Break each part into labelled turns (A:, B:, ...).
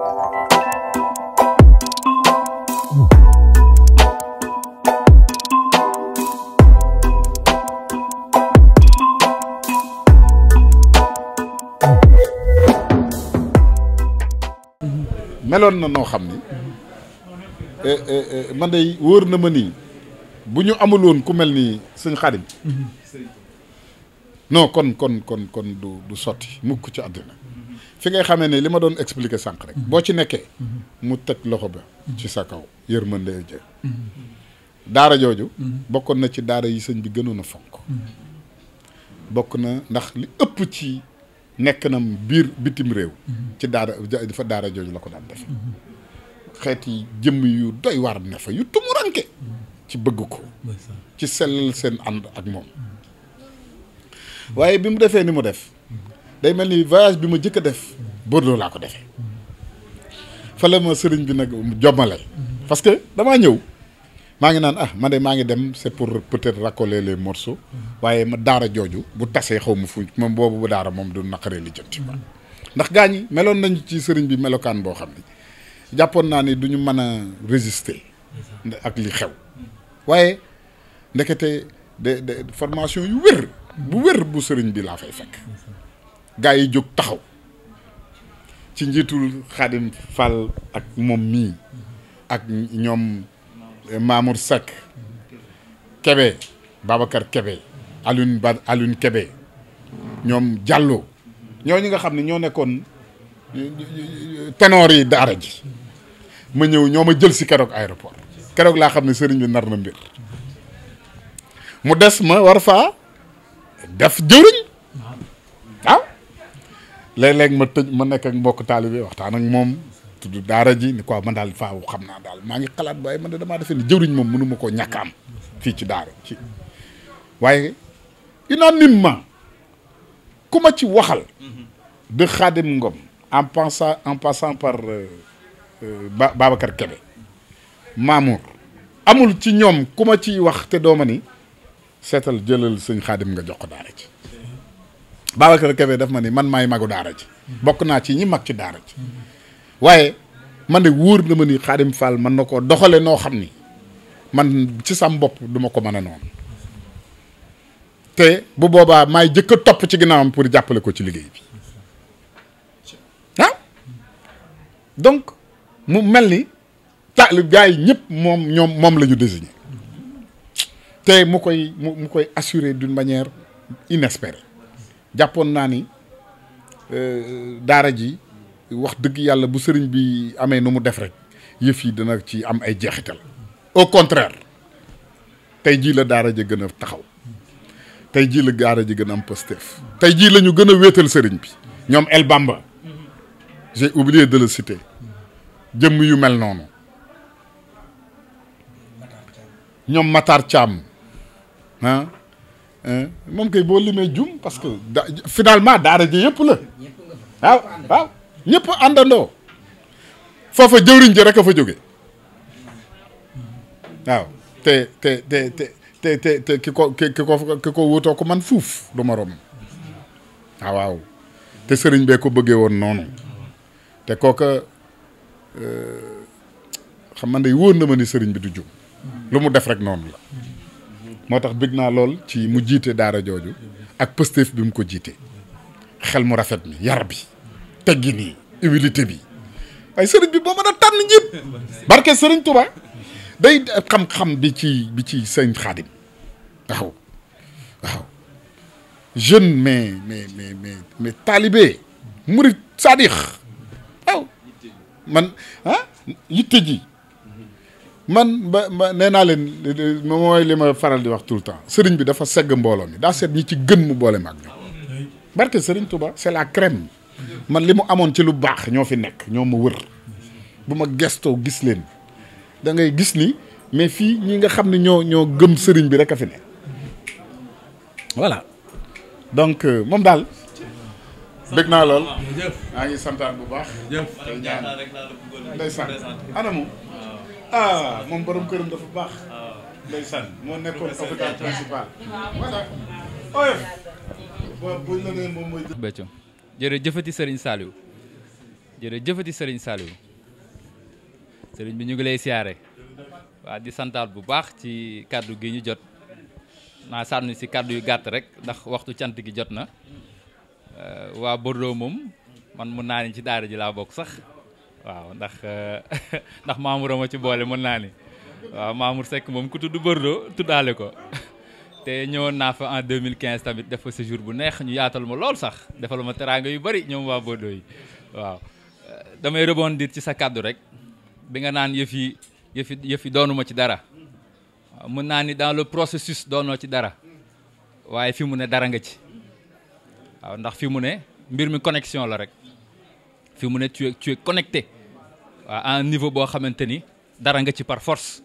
A: meloon na noo xam ni eh, eh, eh, man day wóor na ma nii bu ñu amuloon ku mel ni sëñ Xaadim mm-hmm. non kon kon kon kon du du sotti mukk ci àddina fi ngay xame ne li ma doon expliquer sànq rek. boo ci nekkee. mu teg loxo ba. ci sa kaw yërmande jë daara jooju. bokkoon na ci daara yi sëñ bi gënoon a fonk. bokk na ndax li ëpp ci nekk na biir bitim réew. ci daara dafa daara jooju la ko daan def xeeti jëmm yu doy waar ne fa yu tumuranke ci bëgg ko. ci sellal seen ànd ak moom. waaye bi mu defee ni mu def. day mel ni voyage bi ma jëkk a def Bordeaux laa ko defee fa la ma sëriñ bi nag jommale parce que damaa ñëw maa ngi naan ah man de maa ngi dem c'est pour peut-être recoller les morceaux waaye ma daara jooju bu tasee xaw ma fu moom boobu bu daara moom du naqaree li jënti ndax gaa ñi meloon nañu ci sëriñ bi melokaan boo xam ne jàppoon naa ni duñu mën a résister ak li xew waaye ndekete de de formation yu wér bu wér bu sëriñ bi laa fay fekk gaa yi jóg taxaw ci njiitul Xaadim Fall ak moom mii ak ñoom Mamour Seck Kébé Babacar kebe Alioune Ba Alioune Kébé ñoom Diallo ñooñu nga xam ni ñoo nekkoon tenoor yi daara ji ma ñëw ñoo ma jël si keroog aéroport keroog laa xam ne sëriñ bi nar na mbir mu des ma war faa def jëriñ léeg-léeg ma tëj ma nekk mbokk taalibe waxtaan ak moom tudd daara ji ni quoi man daal faaw xam naa daal maa ngi xalaat waaye man de damaa defee ni jëwriñ moom mënu ma koo ñàkk am fii ci daara ci waaye unanimement ku ma ci waxal de Khadim Ngom en pensant en passant par euh, euh, ba Babacar Kébé amul ci ñoom ku ci ciy wax te dooma ni seetal jëlal sëñ Khadim nga jox ko daara ci Babacar Kébé daf ma ni man maay magu daara ji bokk naa ci ñi mag ci daara ji waaye man de wóor na ma ni Xaadim Fall man na koo doxale noo xam ni man ci sam bopp duma ko mën a noonu te bu boobaa maay jëkk a topp ci ginnaawam pour jàppale ko ci liggéey bi ah! donc mu mel ni taalib gars yi ñëpp moom ñoom moom la ñu désigné te mu koy mu koy assurer d'une manière inespérée jàppoon naa ni euh, daara ji wax dëgg yàlla bu sëriñ bi amee nu mu def rek yëf yi dina ci am ay jeexital au contraire tey jii la daara ji gën a taxaw tey jii la daara ji gën a am Pastef tey jii la ñu gën a wéetal sëriñ bi ñoom El Bamba j'ai oublié de le citer jëmm yu mel noonu ñoom Matar Thiam ah moom kay boo limee jum parce que da finalement daara ji yëpp la waaw waaw ñëpp àndandoo foofa jëwriñ ji rek a fa jóge waaw te te te te te te ki ko ki ko ki ko wutoo ko man fuuf du moroom waaw waaw te sëriñ bee ko bëggee woon noonu te kooka euh, xam man day wóor na ma ni sëriñ bi du jum lu mu def rek noonu la moo tax bëgg naa lool ci mu jiite daara jooju ak pëstéef bi mu ko jiite xel mu rafet mi yarab bi teggi nii humilité bi sëriñ bi boo mën a tànn ñëpp barke sëriñ Touba day xam-xam bi ci bi ci sëriñ Xaadim waaw jeune mais mais mais mais mais talibé murid sadix waaw man ah yitte ji man ba ba nee naa leen mooy li ma faral di wax tout temps sëriñ bi dafa segg mbooloo mi daa seet ñi ci gën mu boole maag ñoom barke sëriñ Touba c'est la crème man li mu amoon ci lu baax ñoo fi nekk ñoo ma wër bu ma gestoo gis leen da ngay gis ni mais fii ñi nga xam ne ñoo ñoo gëm sëriñ bi rek a fi ne voilà donc euh, moom daal dëgg naa lool ngi santaan bu baax tey ah moom borom këram dafa baax. Ah. ndeysaan moo nekkoon hôpital principal. voilà oyof. waaw buñ la nee moom mooy. Béthio
B: jërëjëfati bi ñu ngi lay siyaare. waa di santaat bu baax ci kàddu gi ñu jot naa sànni si kàddu yu gàtt rek ndax waxtu cant gi jot na euh, waa Bordeaux moom man mun naa ne ci daara ji laa bokk sax. waaw ndax eh, ndax Mamour ma ci boole mën naa ni waaw Mamour Seck moom ku tudd Bordeaux tuddaale ko te ñëwoon naa fa en 2015 tamit def fa séjour bu neex ñu yaatal ma lool sax defal ma teraanga yu bari ñoom waa Bordeaux yi waaw eh, damay rebondir ci sa kàddu rek bi nga naan yëf yi yëf yi doonuma ci dara mën naa ni dans le processus doonoo ci dara waaye fi mu ne dara nga ci waaw ndax fi mu ne mbir mi connection la rek fi mu ne tu es tu es un niveau boo xamante ni dara nga ci par force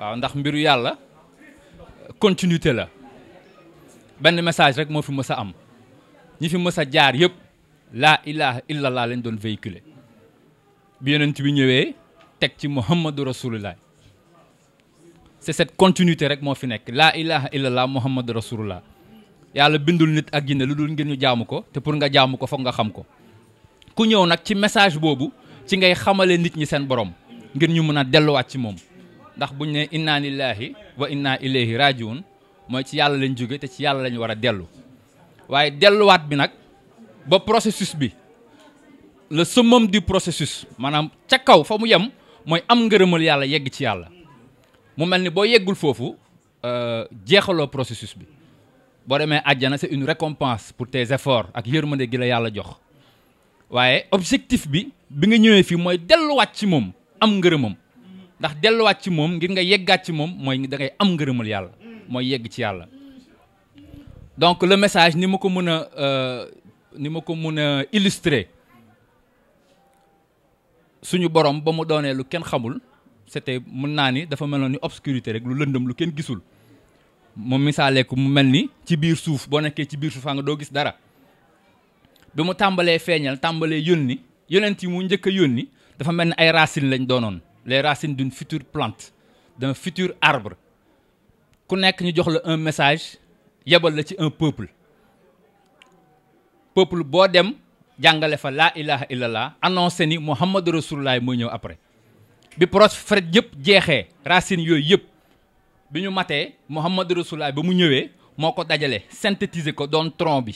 B: waaw ndax mbiru yàlla continuité la benn message rek moo fi mës am ñi fi mës a jaar yëpp laa ilaha illallah lañ doon véhiculer bi yonent bi ñëwee teg ci muhammadu rasulullah c'est cette continuité rek moo fi nekk laa ilaha illallah muhammadu rasulullah yàlla bindul nit ak jinne lu dul ngeen ñu jaamu ko te pour nga jàmm ko foog nga xam ko ku ñëw nag ci message boobu ci ngay xamale nit ñi seen borom ngir ñu mën a delluwaat ci moom ndax bu buñ ne inna lillahi wa inna ilayhi rajiun mooy ci yàlla lañ jóge te ci yàlla lañ war a dellu waaye delluwaat bi nag ba procesus bi le summum du processus maanaam ca kaw fa mu yem mooy am ngërëmal yàlla yegg ci yàlla mu mel ni boo yeggul foofu euh, jeexaloo processus bi boo demee àjjana c'est une récompense pour tes efforts ak yërmande gi la yàlla jox waaye objectif bi bi nga ñëwee fii mooy delluwaat ci moom am ngërëmam ndax delluwaat ci moom ngir nga yeggaat ci moom mooy da ngay am ngërëmal yàlla mooy yegg ci yàlla donc le message ni ma ko mën a euh, ni ma ko mën a illustrer suñu borom ba mu doonee lu kenn xamul c'était mën naa ni dafa meloon ni obscurité rek lu lëndëm lu kenn gisul mu misaalee ko mu mel ni ci biir suuf boo nekkee ci biir suufaa nga doo gis dara bi mu tàmbalee feeñal tàmbalee yónni yonent yi mu njëkk a yónni dafa mel ni ay racines lañ doonoon les racines d'une future plante d'un futur arbre ku nekk ñu jox la un message yebal la ci un peuple peuple boo dem jàngale fa laa ilaha illallah annoncé ni Muhammadu Rasulullah mooy ñëw après bi prophète yëpp jeexee racines yooyu yëpp bi ñu matee Muhammadu Rasulullah ba mu ñëwee moo ko dajale synthétiser ko doon tronc bi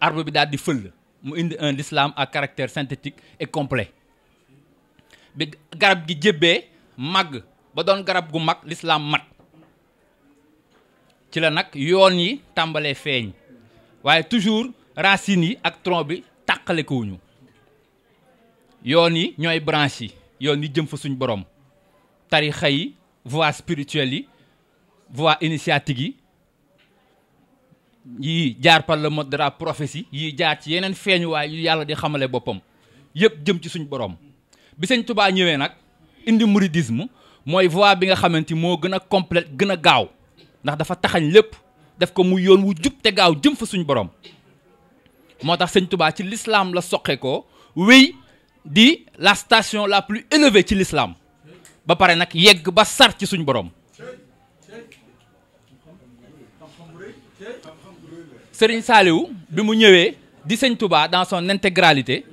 B: arbre bi daal di fël mu indi un l'islam ak caractère synthétique et complet bi garab gi jébbee màgg ba doon garab gu mag lislaam mat ci la nag yoon yi tàmbalee feeñ waaye toujours racines yi ak tronc bi tàqalekuwuñu yoon yi ñooy branches yi yoon yi jëm fa suñ borom tarixa yi voie spirituelle yi voie initiatique yi yii jaar par le mode de la prophétie yii jaar ci yeneen feeñuwaay yu yàlla di xamale boppam yëpp jëm ci suñ borom bi sëñ tubaa ñëwee nag indi mouridisme mooy voie bi nga xamante moo gën a complète gën a gaaw ndax dafa taxañ lépp def ko muy yoon wu jub te gaaw jëm fa suñ borom moo tax sëñ tubaa ci lislaam la soqe ko wéy di la station la plus élevée ci lislaam ba pare nag yegg ba sar ci suñ borom Serigne Saliou bi mu ñëwee di sëñ tubaa dans son intégralité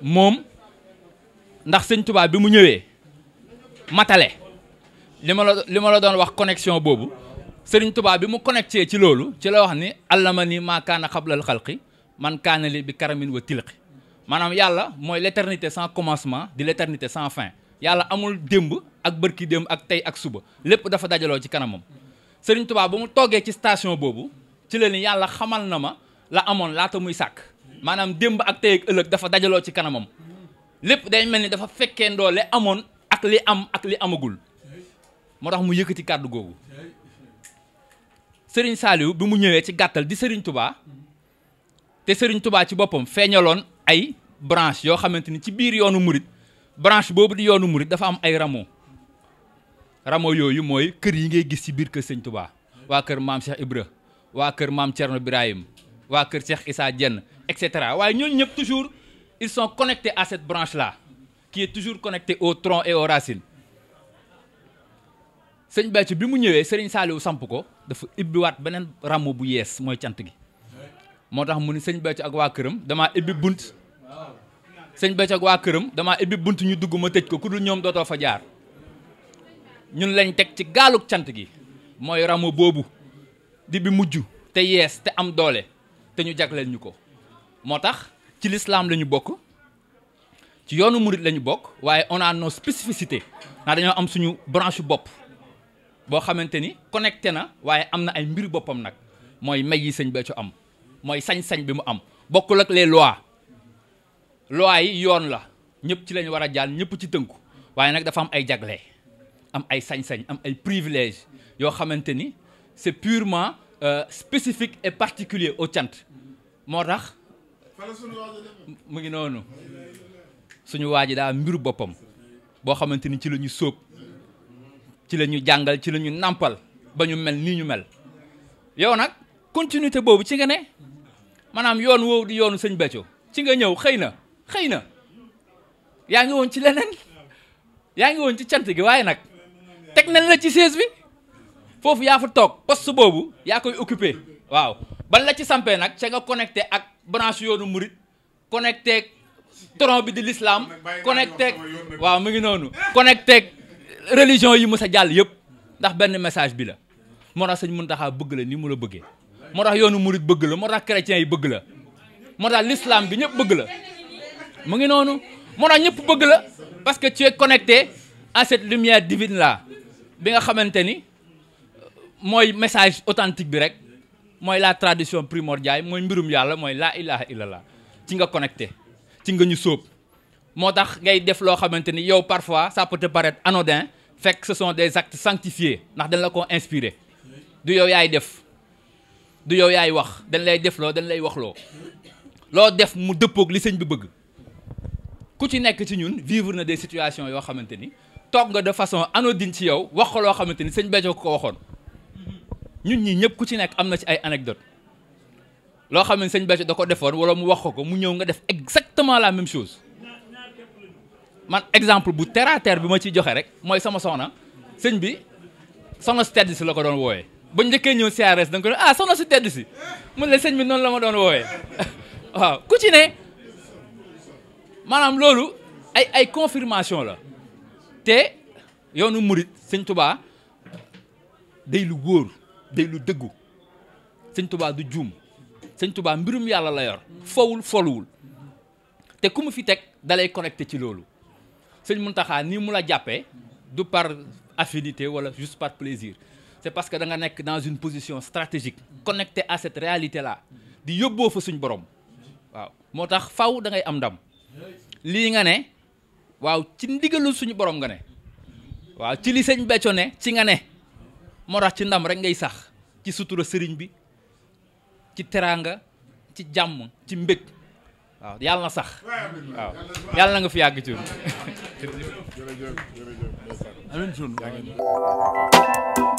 B: moom ndax sëñ tubaa bi mu ñëwee matale li ma la li ma la doon wax connexion boobu Serigne Touba bi mu connecté ci loolu ci la wax ni ma ni maa kaana xablal xalqi man kaana li bi karamin wa tilqi maanaam yàlla mooy l'éternité sans commencement di l'éternité sans fin yàlla amul démb ak bërki démb ak tey ak suba lépp dafa dajaloo ci kanamam Serigne tubaa ba mu toogee ci station boobu ci la yàlla xamal na ma la amoon laata muy sàkk maanaam démb ak tey ëllëg dafa dajaloo ci kanamam lépp day mel ni dafa fekke ndoole amoon ak li am ak li amagul moo tax mu yëkkati kàddu googu sëriñ Saliou bi mu ñëwee ci gàttal di sëriñ Touba te sëriñ tubaa ci boppam feeñaloon ay branche yoo xamante ni ci biir yoonu murit branche boobu di yoonu murit dafa am ay ramo ramo yooyu mooy kër yi ngay gis ci biir kër Serigne Touba waa kër maam Cheikh Ibra waa kër maam Thierno Birahim waa kër Cheikh Issa Dieng et cetera waaye ñooñu ñëpp toujours ils sont connectés à cette branche là toujours connectée au tronc et aux sëñ Béthio bi mu ñëwee Serigne Saliou samp ko dafa ibbiwaat beneen ràmm bu yees mooy cant gi moo tax mu ni sëñ bëcc ak waa këram damaa ibbi bunt sëñ Béthio ak waa këram damaa ibbi bunt ñu dugg ma tëj ko ku dul ñoom dootoo fa jaar ñun lañ teg ci gaaluk cant gi mooy ràmm boobu di bi mujj te yees te am doole te ñu jagleel ñu ko moo tax ci lislaam lañu bokk ci yoonu murit lañu bokk waaye on a nos dañoo am suñu branche bopp boo xamante ni connecté na waaye am na ay mbir boppam nag mooy may yi sëñ Béthio am mooy sañ-sañ bi mu am bokkul ak les lois lois yi yoon la ñëpp ci lañ war a jàll ñëpp ci tënku waaye nag dafa am ay jagle am ay sañ-sañ am ay privilège yoo xamante ni c'est purement euh, spécifique et particulier au cant moo tax mu ngi noonu suñu waa ji daal mbiru boppam boo xamante ni ci la ñu sóob ci la ñu jàngal ci la ñu nàmpal ba ñu mel nii ñu mel yow nag continuité boobu ci nga ne maanaam yoon woow di yoonu sëñ Béthio ci nga ñëw xëy na xëy na yaa ngi woon ci leneen yaa ngi woon ci cant gi waaye nag teg nañ la ci sees bi foofu yaa fa toog poste boobu yaa koy occupé waaw ban la ci sampe nag ca nga connecté ak branche yoonu murit connecté tron bi di l'islam connecté waaw mu ngi noonu connecté religion yi mu sa jàll yëpp ndax benn message bi la moo tax sëñ Muntaxa bëgg la ni mu la bëggee moo tax yoonu murit bëgg la moo tax chrétiens yi bëgg la moo tax lislaam bi ñëpp bëgg la mu ngi noonu moo tax ñëpp bëgg la parce que tu es connecté à cette lumière divine là nga xamante ni mooy message authentique bi rek mooy la tradition primordiale mooy mbirum yàlla mooy laa ilaha illallah ci nga connecté ci nga ñu sóob moo tax ngay def loo xamante ni yow parfois ça peut te paraître anodin fekk ce son des actes sanctifiés ndax dañ la ko inspiré du yow yaay def du yow yaay wax dañ lay def loo dañ lay wax loo loo def mu dëppoog li sëñ bi bëgg ku ci nekk ci ñun vivre na des situation yoo xamante ni toog nga de façon anodine ci yow wax ko loo xamante ni sëñ Béthio ko waxoon ñun ñii ñëpp ku ci nekk am na ci ay anecdote loo xam ne sëñ Béthio da ko defoon wala mu wax ko ko mu ñëw nga def exactement la même chose man exemple bu terre bi ma ciy joxe rek mooy sama soxna sëñ bi soxna su tedd si la ko doon wooyee ba njëkkee ñëw CRS da nga ko doon ah soxna si mun la sëñ bi noonu la ma doon wooyee waaw ku ci ne maanaam loolu ay ay confirmation la te yoonu murit sëñ Touba day lu wóor. day lu dëggu sëñ tubaa du juum sëñ tubaa mbirum yàlla la yor fowul fooluwul te ku mu fi teg dalay connecté ci loolu sëñ taxaa nii mu la jàppee du par affinité wala juste par plaisir c'est parce que da nga nekk dans une position stratégique connecté à cette réalité là di yóbboo fa suñ borom waaw moo tax faw da am ndam lii nga ne waaw ci ndigalu suñu borom nga ne waaw ci li sëñ Béthio ne ci nga ne moo tax ci ndam rek ngay sax ci sutura sëriñ bi ci teraanga ci jàmm ci mbég waaw yàlla na sax waaw yàlla na nga fi yàgg ci